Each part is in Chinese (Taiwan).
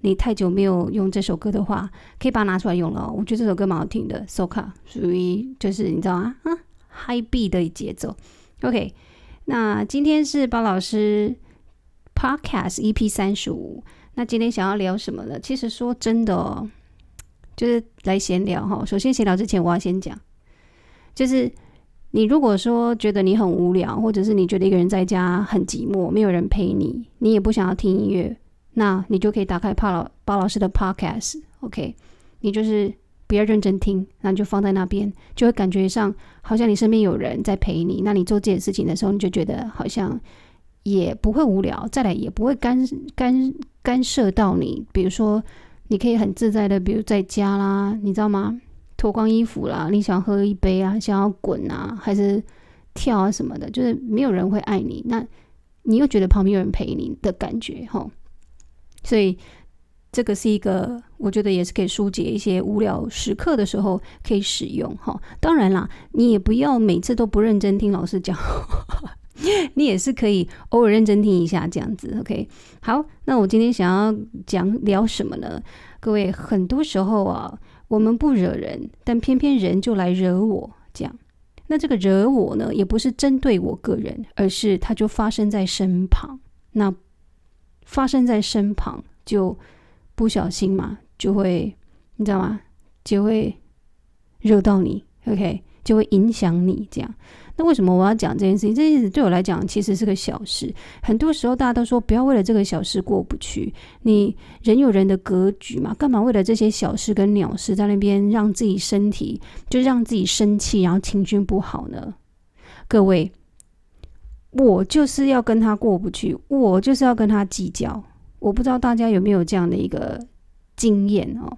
你太久沒有用這首歌的話，可以把它拿出來用了哦。我覺得這首歌蠻好聽的，Soca 屬於就是你知道嗎，啊，High beat 的節奏。OK，那今天是巴老師 Podcast EP 三十五。那今天想要聊什麼呢？其實說真的哦，就是來閒聊哈哦。首先閒聊之前我要先講，就是你如果說覺得你很無聊，或者是你覺得一個人在家很寂寞，沒有人陪你，你也不想要聽音樂。那你就可以打開帕老巴老師的 podcast，OK？你就是不要認真聽，然後你就放在那邊，就會感覺上好像你身邊有人在陪你。那你做這件事情的時候，你就覺得好像也不會無聊，再來也不會干干干涉到你。比如說，你可以很自在的，比如在家啦，你知道嗎？脫光衣服啦，你想喝一杯啊，想要滾啊，還是跳啊什麼的，就是沒有人會愛你，那你又覺得旁邊有人陪你的感覺，吼？所以，這個是一個，我覺得也是可以疏解一些無聊時刻的時候可以使用哈。當然啦，你也不要每次都不認真聽老師講， 你也是可以偶爾認真聽一下這樣子。OK？好，那我今天想要講聊什麼呢？各位，很多時候啊，我們不惹人，但偏偏人就來惹我這樣。那這個惹我呢，也不是針對我個人，而是它就發生在身旁那。發生在身旁，就不小心嘛，就會你知道嗎？就會惹到你，OK，就會影響你這樣。那為什麼我要講這件事情？這件事情對我來講其實是個小事。很多時候大家都說不要為了這個小事過不去。你人有人的格局嘛，幹嘛為了這些小事跟鳥事在那邊讓自己身體就讓自己生氣，然後情緒不好呢？各位。我就是要跟他過不去，我就是要跟他計較。我不知道大家有沒有這樣的一個經驗哦。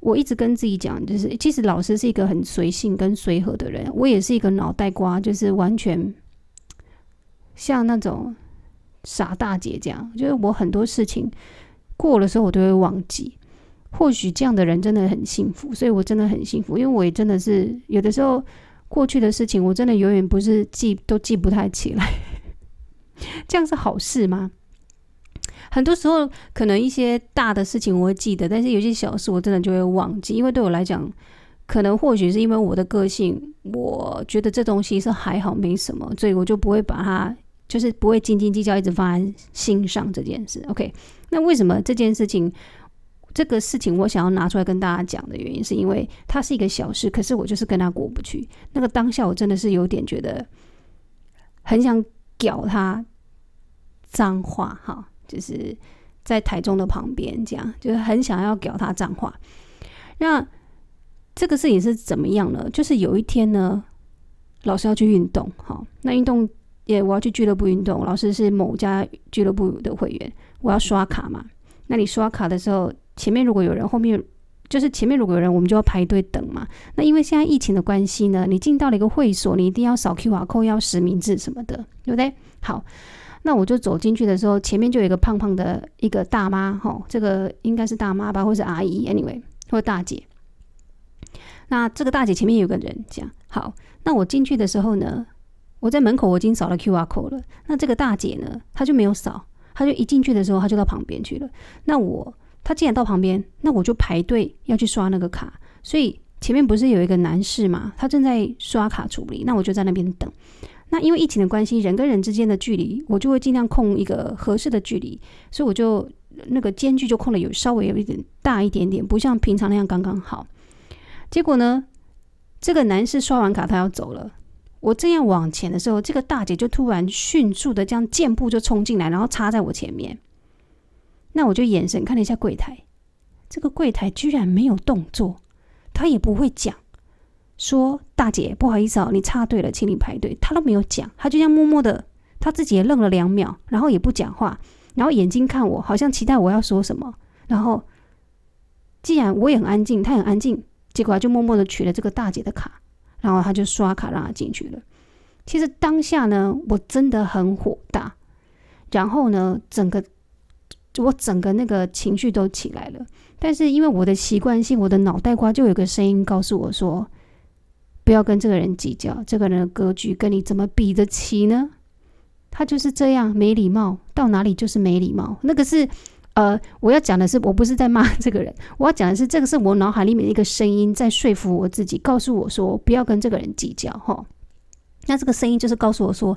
我一直跟自己講，就是，即使老師是一個很隨性跟隨和的人，我也是一個腦袋瓜，就是完全像那種傻大姐這樣。就是我很多事情過的時候，我都會忘記。或許這樣的人真的很幸福，所以我真的很幸福，因為我也真的是有的時候。過去的事情，我真的永遠不是記都記不太起來， 這樣是好事嗎？很多時候，可能一些大的事情我會記得，但是有些小事我真的就會忘記，因為對我來講，可能或許是因為我的個性，我覺得這東西是還好沒什麼，所以我就不會把它，就是不會斤斤計較，一直放在心上這件事。OK，那為什麼這件事情？這個事情我想要拿出來跟大家講的原因，是因為它是一個小事，可是我就是跟他過不去。那個當下，我真的是有點覺得很想屌他髒話，哈，就是在台中的旁邊這樣，就是很想要屌他髒話。那這個事情是怎麼樣呢？就是有一天呢，老師要去運動，好，那運動也我要去俱樂部運動，老師是某家俱樂部的會員，我要刷卡嘛。那你刷卡的時候。前面如果有人，後面就是前面如果有人，我們就要排隊等嘛。那因為現在疫情的關係呢，你進到了一個會所，你一定要掃 QR code，要實名制什麼的，對不對？好，那我就走進去的時候，前面就有一個胖胖的一個大媽，哈、哦，這個應該是大媽吧，或是阿姨，anyway，或大姐。那這個大姐前面有個人，這樣。好，那我進去的時候呢，我在門口我已經掃了 QR code 了。那這個大姐呢，她就沒有掃，她就一進去的時候，她就到旁邊去了。那我。他既然到旁邊，那我就排隊要去刷那個卡。所以前面不是有一個男士嘛，他正在刷卡處理，那我就在那邊等。那因為疫情的關係，人跟人之間的距離，我就會盡量控一個合適的距離，所以我就那個間距就控得有稍微有一點大一點點，不像平常那樣剛剛好。結果呢，這個男士刷完卡他要走了，我正要往前的時候，這個大姐就突然迅速的這樣箭步就衝進來，然後插在我前面。那我就眼神看了一下櫃台，這個櫃台居然沒有動作，他也不會講，說大姐不好意思哦、喔，你插隊了，請你排隊。他都沒有講，他就這樣默默的，他自己也愣了兩秒，然後也不講話，然後眼睛看我，好像期待我要說什麼。然後既然我也很安靜，他很安靜，結果他就默默的取了這個大姐的卡，然後他就刷卡讓他進去了。其實當下呢，我真的很火大，然後呢，整個。我整個那個情緒都起來了，但是因為我的習慣性，我的腦袋瓜就有個聲音告訴我說：“不要跟這個人計較，這個人的格局跟你怎麼比得起呢？他就是這樣沒禮貌，到哪裡就是沒禮貌。”那個是呃，我要講的是，我不是在罵這個人，我要講的是，這個是我腦海裡面一個聲音在說服我自己，告訴我說不要跟這個人計較。哈，那這個聲音就是告訴我說，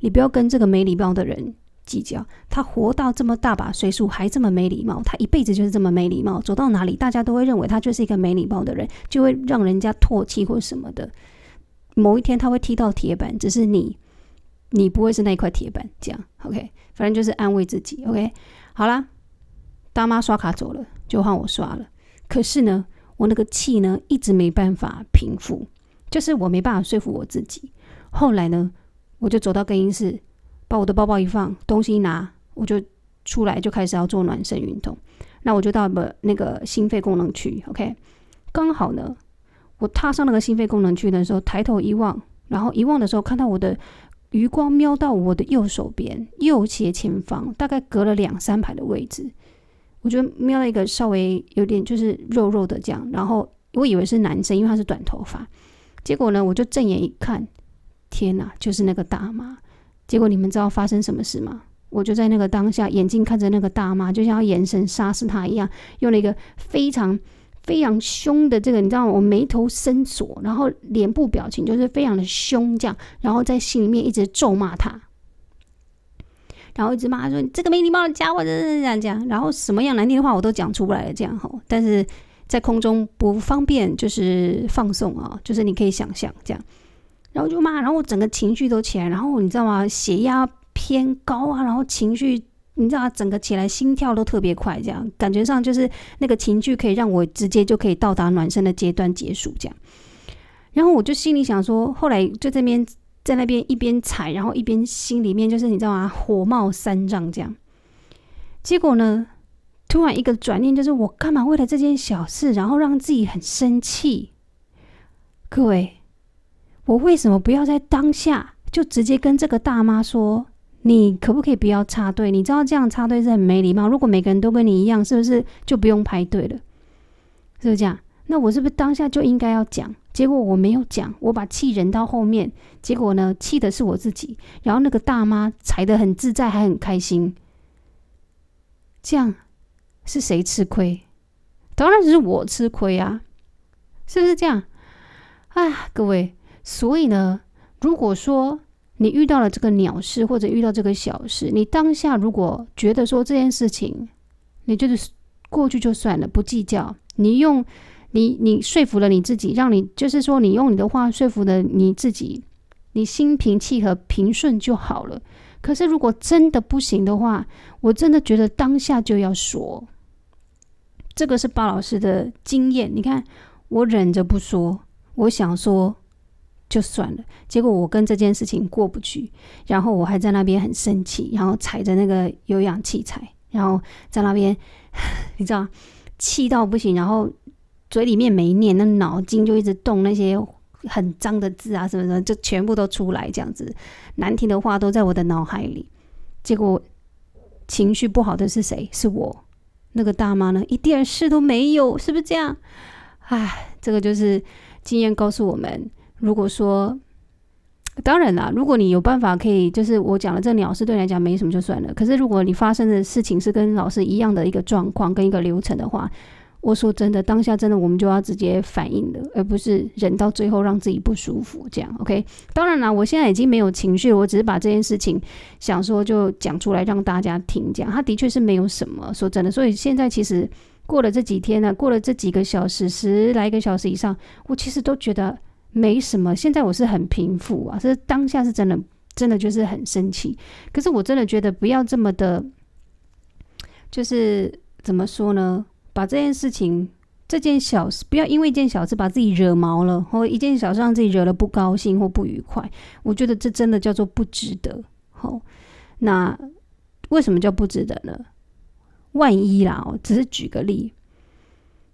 你不要跟這個沒禮貌的人。計較，他活到這麼大把歲數還這麼沒禮貌，他一輩子就是這麼沒禮貌，走到哪裡大家都會認為他就是一個沒禮貌的人，就會讓人家唾棄或什麼的。某一天他會踢到鐵板，只是你，你不會是那塊鐵板。這樣，OK，反正就是安慰自己。OK，好啦，大媽刷卡走了，就換我刷了。可是呢，我那個氣呢一直沒辦法平復，就是我沒辦法說服我自己。後來呢，我就走到更衣室。把我的包包一放，東西一拿，我就出來就開始要做暖身運動。那我就到了那個心肺功能區，OK。剛好呢，我踏上那個心肺功能區的時候，抬頭一望，然後一望的時候，看到我的餘光瞄到我的右手邊，右斜前方，大概隔了兩三排的位置，我就瞄到一個稍微有點就是肉肉的這樣，然後我以為是男生，因為他是短頭髮。結果呢，我就正眼一看，天哪，就是那個大媽。結果你們知道發生什麼事嗎？我就在那個當下，眼睛看着那個大媽，就像要眼神殺死她一樣，用了一個非常非常凶的這個，你知道嗎？我眉頭深鎖，然後臉部表情就是非常的凶，這樣，然後在心裡面一直咒罵他，然後一直罵說你這個沒禮貌的家伙，這樣這樣，然後什麼樣難聽的話我都講出來了，這樣吼，但是在空中不方便，就是放送啊，就是你可以想象這樣。然後就罵，然後我整個情緒都起來，然後你知道嗎？血壓偏高啊，然後情緒，你知道，整個起來心跳都特別快，這樣感覺上就是那個情緒可以讓我直接就可以到達暖身的階段結束這樣。然後我就心裡想說，後來就這邊在那邊一邊踩，然後一邊心裡面就是你知道嗎？火冒三丈這樣。結果呢，突然一個轉念，就是我幹嘛為了這件小事，然後讓自己很生氣？各位。我為什麼不要在當下就直接跟這個大媽說：“你可不可以不要插隊？你知道這樣插隊是很沒禮貌。如果每個人都跟你一樣，是不是就不用排隊了？是不是這樣？那我是不是當下就應該要講？結果我沒有講，我把氣忍到後面，結果呢，氣的是我自己。然後那個大媽踩得很自在，還很開心。這樣是誰吃虧？當然是我吃虧啊，是不是這樣？啊，各位。所以呢，如果說你遇到了這個鳥事或者遇到這個小事，你當下如果覺得說這件事情，你就是過去就算了，不計較，你用你你說服了你自己，讓你就是說你用你的話說服了你自己，你心平氣和平順就好了。可是如果真的不行的話，我真的覺得當下就要說。這個是巴老師的經驗。你看，我忍着不說，我想說。就算了，結果我跟這件事情過不去，然後我還在那邊很生氣，然後踩着那個有氧器材，然後在那邊，你知道，氣到不行，然後嘴裡面沒念，那腦筋就一直動那些很髒的字啊，什麼什麼，就全部都出來這樣子，難聽的話都在我的腦海裡。結果情緒不好的是誰？是我。那個大媽呢，一點事都沒有，是不是這樣？唉，這個就是經驗告訴我們。如果說，當然啦，如果你有辦法可以，就是我講了，這裡，老師對你來講沒什麼就算了。可是如果你發生的事情是跟老師一樣的一個狀況，跟一個流程的話，我說真的，當下真的我們就要直接反應的，而不是忍到最後讓自己不舒服。這樣，OK？當然啦，我現在已經沒有情緒，我只是把這件事情想說就講出來讓大家聽。講，他的確是沒有什麼，說真的。所以現在其實過了這幾天呢、啊，過了這幾個小時，十來個小時以上，我其實都覺得。沒什麼，現在我是很平復啊，是當下是真的，真的就是很生氣。可是我真的覺得不要這麼的，就是怎麼說呢？把這件事情，這件小事，不要因為一件小事把自己惹毛了，或、哦、一件小事讓自己惹了不高興或不愉快。我覺得這真的叫做不值得。好、哦，那為什麼叫不值得呢？萬一啦、哦、只是舉個例，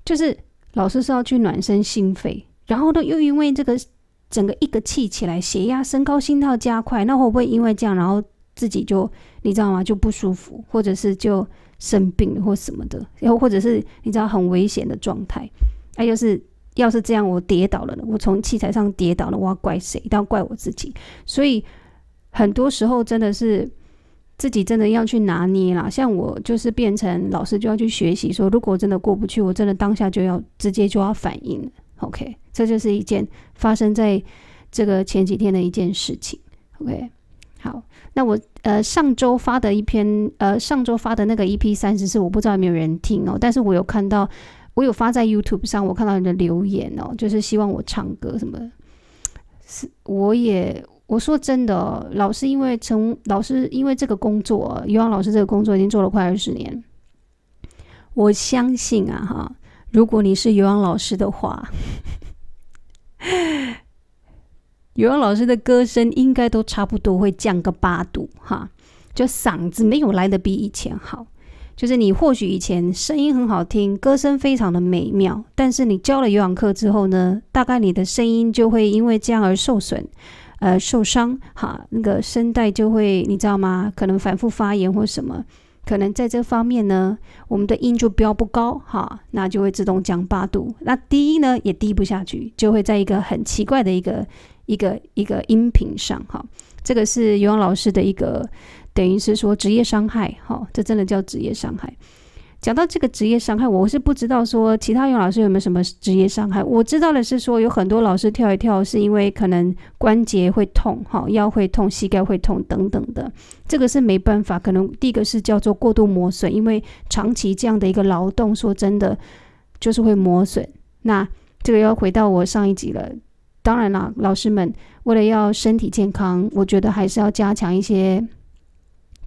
就是老師是要去暖身心肺。然後呢，又因為這個整個一個氣起來，血壓升高，心跳加快，那會不會因為這樣，然後自己就你知道嗎？就不舒服，或者是就生病了或什麼的，又或者是你知道很危險的狀態。那、哎、要、就是要是這樣，我跌倒了，我從器材上跌倒了，我要怪誰？都要怪我自己。所以很多時候真的是自己真的要去拿捏啦。像我就是變成老師，就要去學習說，如果真的過不去，我真的當下就要直接就要反應。OK。這就是一件發生在這個前幾天的一件事情。OK，好，那我呃上周發的一篇呃上周發的那個 EP 三十四，我不知道有沒有人聽哦，但是我有看到，我有發在 YouTube 上，我看到你的留言哦，就是希望我唱歌什麼的。是，我也我說真的、哦，老師因為從老師因為這個工作哦，有氧老師這個工作已經做了快二十年，我相信啊哈，如果你是有氧老師的話。 有氧 老師的歌聲應該都差不多會降個八度哈，就嗓子沒有來得比以前好。就是你或許以前聲音很好聽，歌聲非常的美妙，但是你教了有氧課之後呢，大概你的聲音就會因為這樣而受損，呃，受傷哈，那個聲帶就會你知道嗎？可能反复發炎或什麼。可能在這方面呢，我們的音就飆不高哈，那就會自動降八度。那低音呢也低不下去，就會在一個很奇怪的一個一個一個音頻上哈。這個是游泳老師的一個，等於是說職業傷害哈，這真的叫職業傷害。講到這個職業傷害，我是不知道說其他有氧老師有沒有什麼職業傷害。我知道的是說，有很多老師跳一跳是因為可能關節會痛，哈，腰會痛，膝蓋會痛等等的。這個是沒辦法，可能第一個是叫做過度磨損，因為長期這樣的一個勞動，說真的就是會磨損。那這個要回到我上一集了。當然了，老師們為了要身體健康，我覺得還是要加強一些。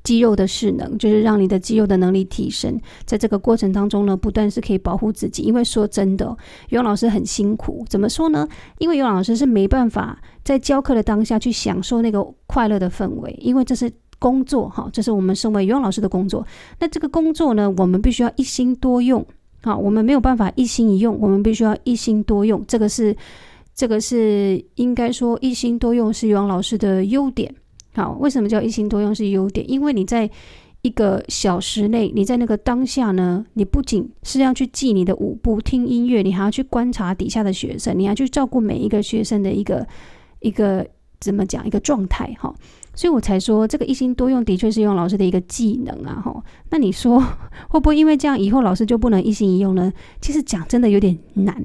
肌肉的勢能就是讓你的肌肉的能力提升，在這個過程當中呢，不斷是可以保護自己。因為說真的，哦，游泳老師很辛苦，怎麼說呢？因為游泳老師是沒辦法在教課的當下去享受那個快樂的氛圍，因為這是工作哈，這是我們身為游泳老師的工作。那這個工作呢，我們必須要一心多用好，我們沒有辦法一心一用，我們必須要一心多用。這個是，這個是應該說一心多用是游泳老師的優點。好，為什麼叫一心多用是優點？因為你在一個小時內，你在那個當下呢，你不僅是要去記你的舞步、聽音樂，你還要去觀察底下的學生，你還要去照顧每一個學生的一個一個怎麼講一個狀態哈、哦。所以我才說這個一心多用的確是用老師的一個技能啊哈、哦。那你說會不會因為這樣以後老師就不能一心一用呢？其實講真的有點難，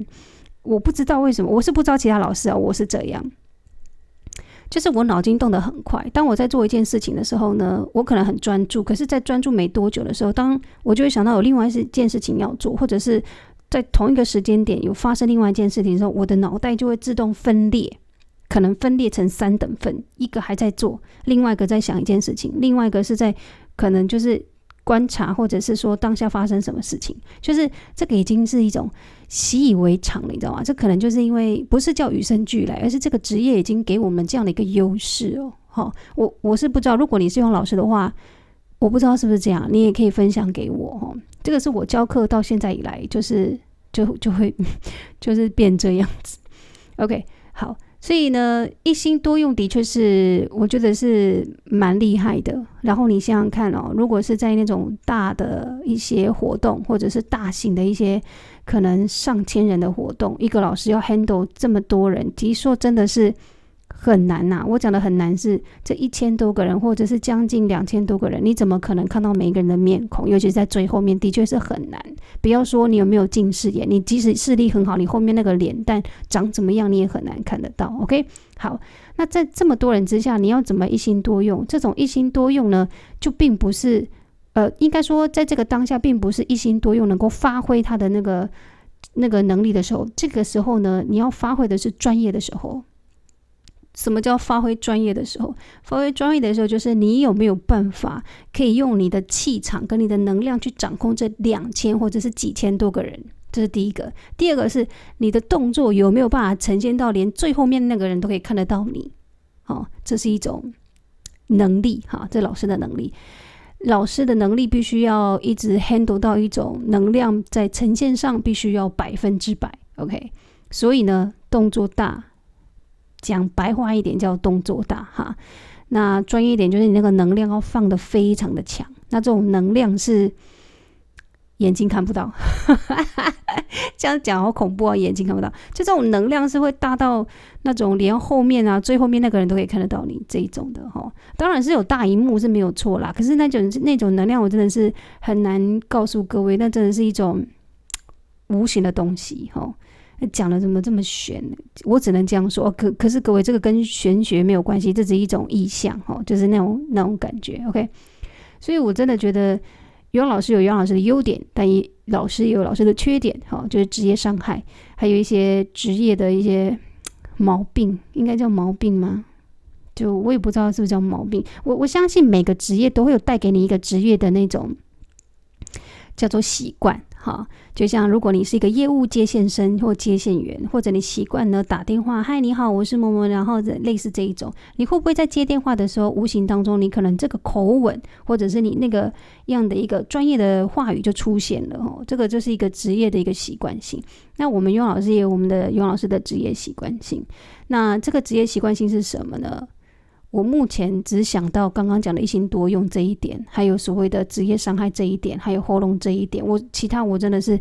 我不知道為什麼，我是不知道其他老師啊，我是這樣。就是我腦筋動得很快。當我在做一件事情的時候呢，我可能很專注。可是，在專注沒多久的時候，當我就會想到有另外一件事情要做，或者是在同一個時間點有發生另外一件事情的時候，我的腦袋就會自動分裂，可能分裂成三等份：一個還在做，另外一個在想一件事情，另外一個是在可能就是。觀察，或者是說當下發生什麼事情，就是這個已經是一種習以為常了，你知道嗎？這可能就是因為不是叫與生俱來，而是這個職業已經給我們這樣的一個優勢哦。好、哦，我我是不知道，如果你是用老師的話，我不知道是不是這樣，你也可以分享給我哦。這個是我教課到現在以來、就是，就是就就會 就是變這樣子。OK，好。所以呢，一心多用的確是，我覺得是蠻厲害的。然後你想想看哦，如果是在那種大的一些活動，或者是大型的一些可能上千人的活動，一個老師要 handle 這麼多人，其實說真的是。很難吶，我講的很難是這一千多個人，或者是將近兩千多個人，你怎麼可能看到每一個人的面孔？尤其是在最後面，的確是很難。不要說你有沒有近視眼，你即使視力很好，你後面那個臉蛋長怎麼樣，你也很難看得到。OK，好，那在這麼多人之下，你要怎麼一心多用？這種一心多用呢，就並不是呃，應該說在這個當下，並不是一心多用能夠發揮他的那個那個能力的時候。這個時候呢，你要發揮的是專業的時候。什麼叫發揮專業的時候？發揮專業的時候，就是你有沒有辦法可以用你的氣場跟你的能量去掌控這兩千或者是幾千多個人？這是第一個。第二個是你的動作有沒有辦法呈現到連最後面那個人都可以看得到你？哦，這是一種能力哈，哦，這是老師的能力，老師的能力必須要一直 handle 到一種能量在呈現上必須要百分之百 OK。所以呢，動作大。講白話一點叫動作大哈，那專業一點就是你那個能量要放得非常的強，那這種能量是眼睛看不到， 這樣講好恐怖啊！眼睛看不到，就這種能量是會大到那種連後面啊、最後面那個人都可以看得到你這一種的吼，當然是有大熒幕是沒有錯啦，可是那種那種能量我真的是很難告訴各位，那真的是一種無形的東西吼。講的怎麼這麼玄呢？我只能這樣說哦。可可是各位，這個跟玄學沒有關係，這是一種意象哈、哦，就是那種那種感覺。OK，所以我真的覺得袁老師有袁老師的優點，但也老師也有老師的缺點哈、哦，就是職業傷害，還有一些職業的一些毛病，應該叫毛病嗎？就我也不知道是不是叫毛病。我我相信每個職業都會有帶給你一個職業的那種叫做習慣。好，就像如果你是一個業務接線生或接線員，或者你習慣呢打電話，嗨，你好，我是某某，然後類似這一種，你會不會在接電話的時候，無形當中你可能這個口吻，或者是你那個樣的一個專業的話語就出現了哦？這個就是一個職業的一個習慣性。那我們雍老師也有我們的雍老師的職業習慣性。那這個職業習慣性是什麼呢？我目前只想到剛剛講的一心多用這一點，還有所謂的職業傷害這一點，還有喉嚨這一點。我其他我真的是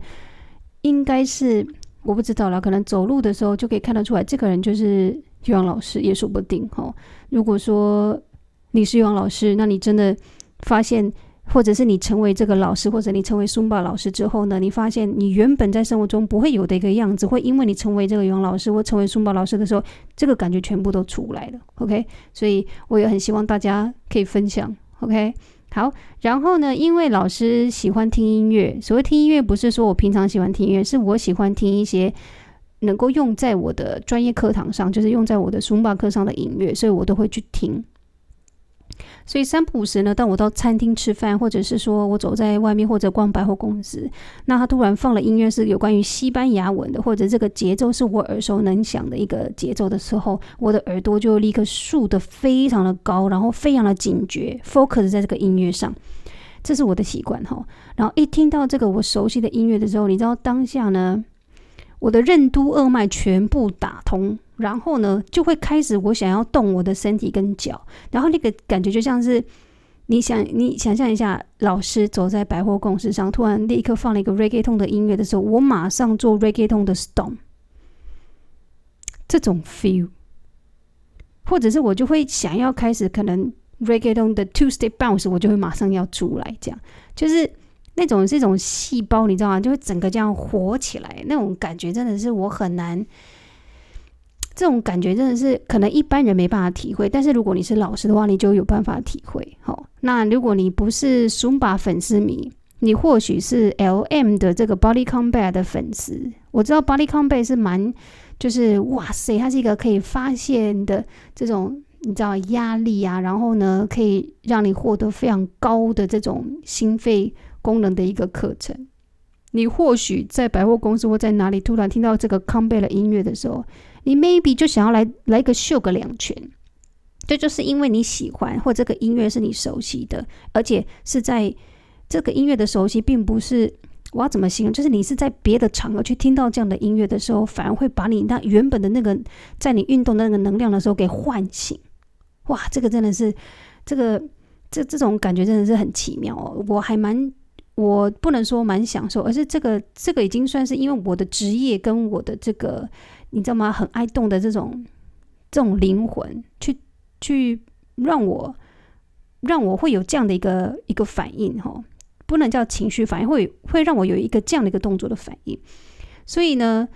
應該是我不知道啦，可能走路的時候就可以看得出來，這個人就是玉王老師也說不定吼，如果說你是玉王老師，那你真的發現。或者是你成為這個老師，或者你成為松巴老師之後呢，你發現你原本在生活中不會有的一個樣子，會因為你成為這個語文老師或成為松巴老師的時候，這個感覺全部都出來了。OK，所以我也很希望大家可以分享。OK，好，然後呢，因為老師喜歡聽音樂，所謂聽音樂不是說我平常喜歡聽音樂，是我喜歡聽一些能夠用在我的專業課堂上，就是用在我的松巴課上的音樂，所以我都會去聽。所以三不五時呢，當我到餐廳吃飯，或者是說我走在外面或者逛百貨公司，那他突然放了音樂是有關於西班牙文的，或者這個節奏是我耳熟能詳的一個節奏的時候，我的耳朵就立刻豎得非常的高，然後非常的警覺，focus 在這個音樂上，這是我的習慣哈、哦。然後一聽到這個我熟悉的音樂的時候，你知道當下呢？我的任督二脈全部打通，然後呢，就會開始我想要動我的身體跟腳，然後那個感覺就像是你想你想象一下，老師走在百貨公司上，突然立刻放了一個 reggaeton 的音樂的時候，我馬上做 reggaeton 的 stone 這種 feel，或者是我就會想要開始可能 reggaeton 的 two step bounce，我就會馬上要出來，這樣就是。那種是一種細胞，你知道嗎？就會整個這樣活起來，那種感覺真的是我很難。這種感覺真的是可能一般人沒辦法體會，但是如果你是老師的話，你就有辦法體會。好、哦，那如果你不是 Zumba 粉絲迷，你或許是 L M 的這個 Body Combat 的粉絲。我知道 Body Combat 是蠻，就是哇塞，它是一個可以發洩的這種，你知道壓力啊，然後呢可以讓你獲得非常高的這種心肺。功能的一個課程，你或許在百貨公司或在哪裡突然聽到這個康貝勒的音樂的時候，你 maybe 就想要來來一個秀個兩拳。這就是因為你喜歡，或這個音樂是你熟悉的，而且是在這個音樂的熟悉，並不是我要怎麼形容，就是你是在別的場合去聽到這樣的音樂的時候，反而會把你那原本的那個在你運動的那個能量的時候給喚醒。哇，這個真的是，這個這這種感覺真的是很奇妙哦，我還蠻。我不能說蠻享受，而是這個這個已經算是因為我的職業跟我的這個，你知道嗎？很愛動的這種這種靈魂，去去讓我讓我會有這樣的一個一個反應哈、哦，不能叫情緒反應，會會讓我有一個這樣的一個動作的反應。所以呢，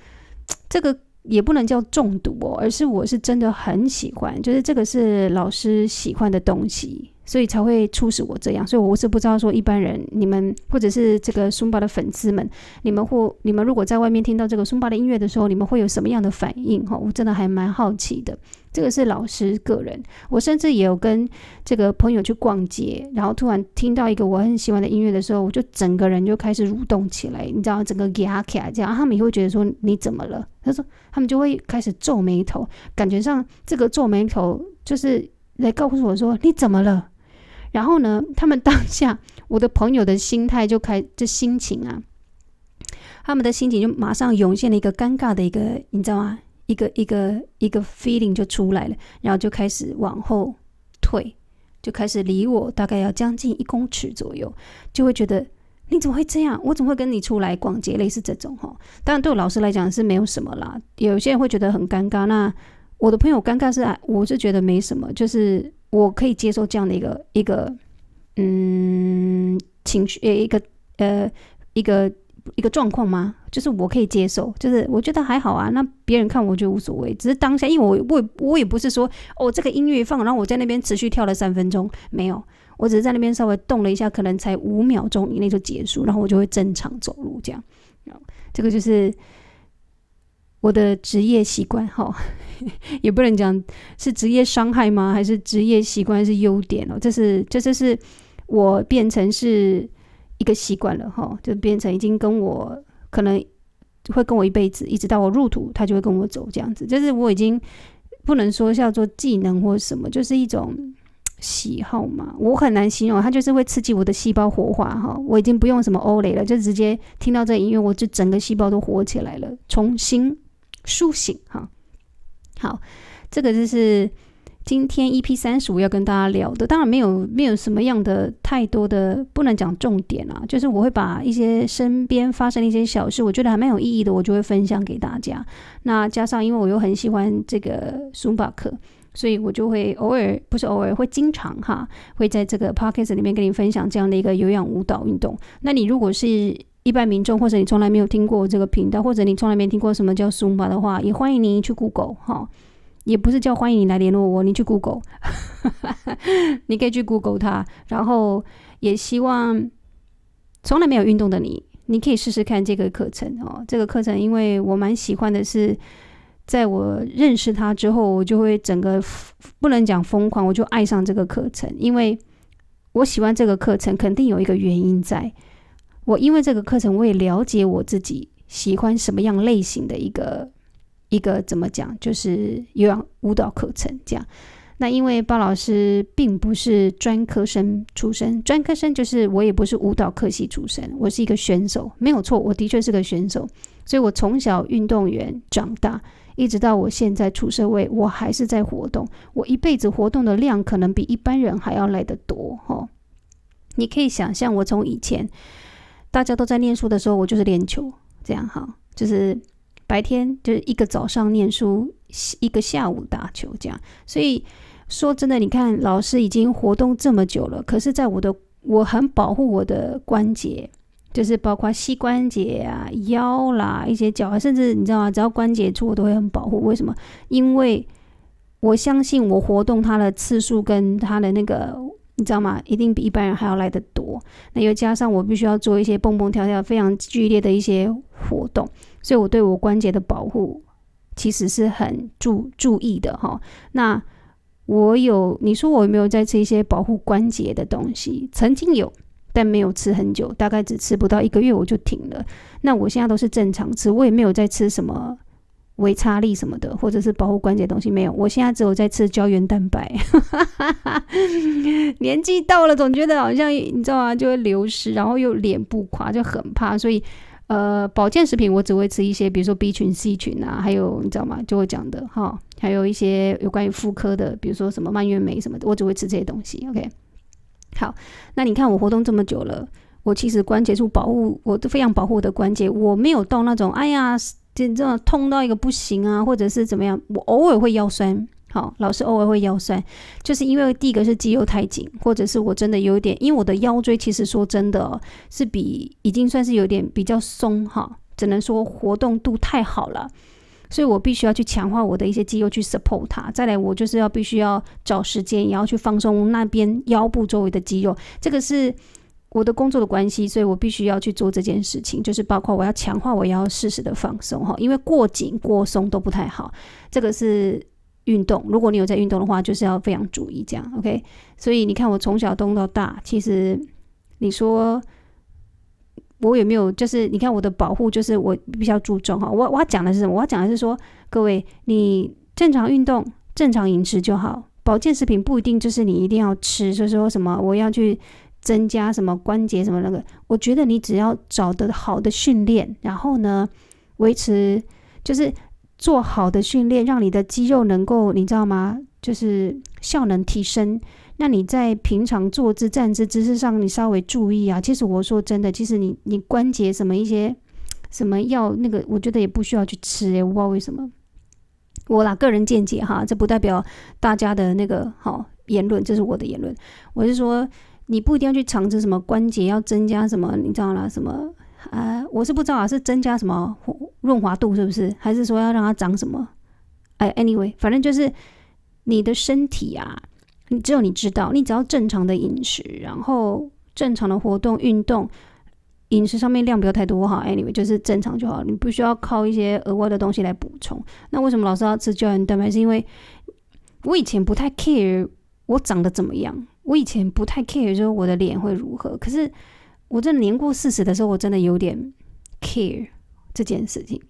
這個也不能叫中毒哦，而是我是真的很喜歡，就是這個是老師喜歡的東西。所以才會促使我這樣，所以我是不知道說一般人你們或者是這個松巴的粉絲們，你們或你們如果在外面聽到這個松巴的音樂的時候，你們會有什麼樣的反應哈、哦？我真的還蠻好奇的。這個是老師個人，我甚至也有跟這個朋友去逛街，然後突然聽到一個我很喜歡的音樂的時候，我就整個人就開始蠕動起來，你知道整個 g i a 這樣、啊，他們也會覺得說你怎麼了？他說他們就會開始皺眉頭，感覺上這個皺眉頭就是來告訴我說你怎麼了。然後呢，他們當下我的朋友的心態就開，這心情啊，他們的心情就馬上湧現了一個尷尬的一個，你知道嗎？一個一個一個 feeling 就出來了，然後就開始往後退，就開始離我大概要將近一公尺左右，就會覺得你怎麼會這樣？我怎麼會跟你出來逛街？類似這種齁，當然對我老師來講是沒有什麼啦，有些人會覺得很尷尬，那。我的朋友尷尬是啊，我是覺得沒什麼，就是我可以接受這樣的一個一個，嗯，情緒一個呃一個一個狀況嗎？就是我可以接受，就是我覺得還好啊。那別人看我就無所謂，只是當下，因為我我也我也不是說哦，這個音樂放，然後我在那邊持續跳了三分鐘，沒有，我只是在那邊稍微動了一下，可能才五秒鐘以內就結束，然後我就會正常走路這樣。然後這個就是。我的職業習慣哈，也不能講是職業傷害嗎？還是職業習慣是優點哦？這是這就是，是我變成是一個習慣了哈，就變成已經跟我可能會跟我一輩子，一直到我入土，他就會跟我走這樣子。就是我已經不能說叫做技能或什麼，就是一種喜好嘛。我很難形容，它就是會刺激我的細胞活化哈。我已經不用什麼歐蕾了，就直接聽到這音樂，我就整個細胞都活起來了，重新。蘇醒哈，好，這個就是今天 EP 35要跟大家聊的。當然沒有沒有什麼樣的太多的，不能講重點啊。就是我會把一些身邊發生的一些小事，我覺得還蠻有意義的，我就會分享給大家。那加上，因為我又很喜歡這個 Zumba 課，所以我就會偶爾不是偶爾，會經常哈，會在這個 Podcast 裡面跟你分享這樣的一個有氧舞蹈運動。那你如果是一般民眾，或者你從來沒有聽過這個頻道，或者你從來沒聽過什麼叫 Zumba 的話，也歡迎你去 Google 哈、哦，也不是叫歡迎你來聯絡我，你去 Google， 你可以去 Google 它。然後也希望從來沒有運動的你，你可以試試看這個課程哦。這個課程，因為我蠻喜歡的是，在我認識他之後，我就會整個不能講瘋狂，我就愛上這個課程，因為我喜歡這個課程，肯定有一個原因在。我因為這個課程，我也了解我自己喜歡什麼樣類型的一個一個怎麼講，就是有氧舞蹈課程這樣。那因為巴老師並不是專科生出身，專科生就是我也不是舞蹈科系出身，我是一個選手，沒有錯，我的確是個選手。所以我從小運動員長大，一直到我現在出社會，我還是在活動，我一輩子活動的量可能比一般人還要來得多吼、哦，你可以想象，我從以前。大家都在念書的時候，我就是練球，這樣哈，就是白天就是一個早上念書，一個下午打球，這樣。所以說真的，你看老師已經活動這麼久了，可是，在我的我很保護我的關節，就是包括膝關節啊、腰啦、一些腳啊，甚至你知道嗎？只要關節處我都會很保護。為什麼？因為我相信我活動它的次數跟它的那個。你知道嗎？一定比一般人還要來得多。那又加上我必須要做一些蹦蹦跳跳、非常劇烈的一些活動，所以我對我關節的保護其實是很注注意的哈。那我有，你說我有沒有在吃一些保護關節的東西？曾經有，但沒有吃很久，大概只吃不到一個月我就停了。那我現在都是正常吃，我也沒有在吃什麼。維骨力什麼的，或者是保護關節的東西？沒有，我現在只有在吃膠原蛋白。 年紀到了，總覺得好像你知道嗎？就會流失，然後又臉部垮，就很怕。所以，呃，保健食品我只會吃一些，比如說 B 群、C 群啊，還有你知道嗎？就會講的哈、哦，還有一些有關於婦科的，比如說什麼蔓越莓什麼的，我只會吃這些東西。OK，好，那你看我活動這麼久了，我其實關節處保護，我都非常保護我的關節，我沒有到那種哎呀。真的痛到一個不行啊，或者是怎麼樣？我偶爾會腰酸，好，老是偶爾會腰酸，就是因為第一個是肌肉太緊，或者是我真的有一點，因為我的腰椎其實說真的是比已經算是有點比較鬆哈，只能說活動度太好了，所以我必須要去強化我的一些肌肉去 support 它。再來，我就是要必須要找時間，也要去放鬆那邊腰部周圍的肌肉，這個是。我的工作的關係，所以我必須要去做這件事情，就是包括我要強化，我也要適時的放鬆哈，因為過緊過鬆都不太好。這個是運動，如果你有在運動的話，就是要非常注意這樣。OK，所以你看我從小動到大，其實你說我有沒有？就是你看我的保護，就是我比較注重哈。我我要講的是什麼？我要講的是說，各位你正常運動、正常飲食就好，保健食品不一定就是你一定要吃。所以說什麼？我要去。增加什麼關節什麼那個，我覺得你只要找的好的訓練，然後呢，維持就是做好的訓練，讓你的肌肉能夠，你知道嗎？就是效能提升。那你在平常坐姿、站姿姿勢上，你稍微注意啊。其實我說真的，其實你你關節什麼一些什麼藥那個，我覺得也不需要去吃，欸，我不知道為什麼。我啦個人見解哈，這不代表大家的那個好，哦，言論，這是我的言論。我是說。你不一定要去嘗試什麼關節要增加什麼，你知道啦，什麼啊？我是不知道啊，是增加什麼潤滑度是不是？還是說要讓它長什麼？哎，uh，anyway，反正就是你的身體啊，你只有你知道。你只要正常的飲食，然後正常的活動運動，飲食上面量不要太多哈。anyway，就是正常就好，你不需要靠一些額外的東西來補充。那為什麼老是要吃膠原蛋白？是因為我以前不太 care 我長得怎麼樣。我以前不太 care 就是我的臉會如何，可是我這年過四十的時候，我真的有點 care 這件事情，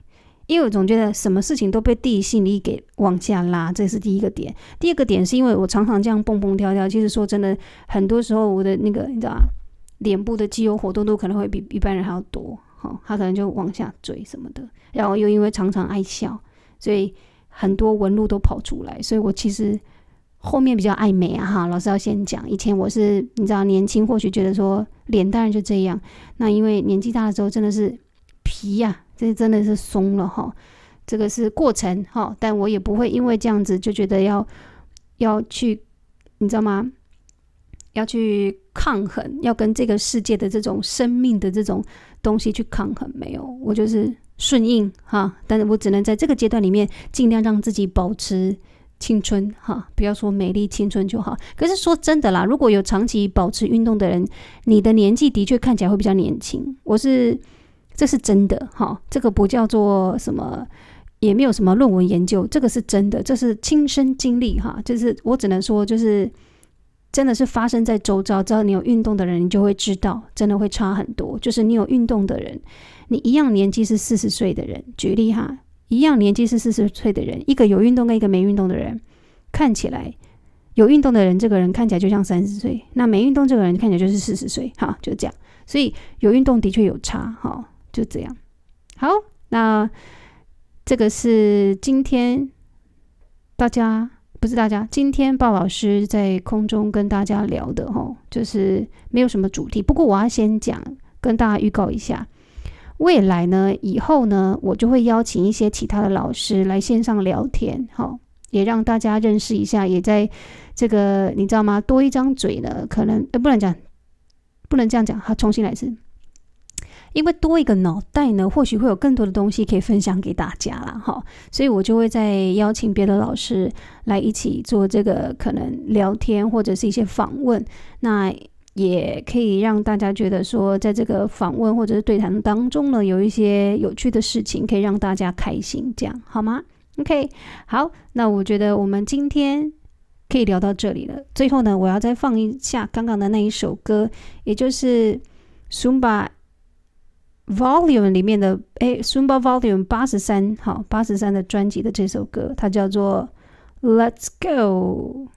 因為我總覺得什麼事情都被地心引力給往下拉，這是第一個點。第二個點是因為我常常這樣蹦蹦跳跳，其實說真的，很多時候我的那個你知道、啊、臉部的肌肉活動度可能會比一般人還要多，好、哦，他可能就往下墜什麼的。然後又因為常常愛笑，所以很多紋路都跑出來，所以我其實。後面比較愛美啊，哈，老師要先講。以前我是你知道，年輕或許覺得說臉蛋就這樣，那因為年紀大的時候真的是皮呀，啊，這真的是鬆了哈。這個是過程哈，但我也不會因為這樣子就覺得要要去，你知道嗎？要去抗衡，要跟這個世界的這種生命的這種東西去抗衡，沒有，我就是順應哈。但是我只能在這個階段裡面盡量讓自己保持。青春哈，不要說美麗青春就好。可是說真的啦，如果有長期保持運動的人，你的年紀的確看起來會比較年輕。我是，這是真的哈，這個不叫做什麼，也沒有什麼論文研究，這個是真的，這是親身經歷哈。就是我只能說，就是真的是發生在周遭，只要你有運動的人，你就會知道，真的會差很多。就是你有運動的人，你一樣年紀是四十歲的人，舉例哈。一樣年紀是四十歲的人，一個有運動跟一個沒運動的人，看起來有運動的人，這個人看起來就像三十歲；那沒運動這個人看起來就是四十歲。哈，就這樣。所以有運動的確有差。哈、哦，就這樣。好，那這個是今天大家，不是大家，今天巴老師在空中跟大家聊的哈、哦，就是沒有什麼主題。不過我要先講，跟大家預告一下。未來呢？以後呢？我就會邀請一些其他的老師來線上聊天，哈，也讓大家認識一下。也在這個，你知道嗎？多一張嘴呢，可能……呃，不能講，不能這樣講，哈，重新來一次。因為多一個腦袋呢，或許會有更多的東西可以分享給大家啦。哈。所以我就會再邀請別的老師來一起做這個可能聊天或者是一些訪問。那。也可以讓大家覺得說，在這個訪問或者是對談當中呢，有一些有趣的事情可以讓大家開心，這樣好嗎？OK，好，那我覺得我們今天可以聊到這裡了。最後呢，我要再放一下剛剛的那一首歌，也就是《Sumba Volume》裡面的，哎、欸，《Sumba Volume》八十三，好，八十三的專輯的這首歌，它叫做《Let's Go》。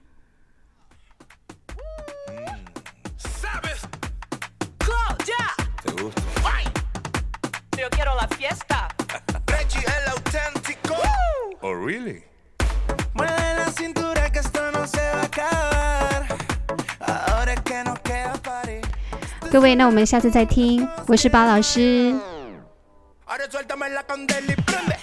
各位，那我們下次再聽。我是巴老師。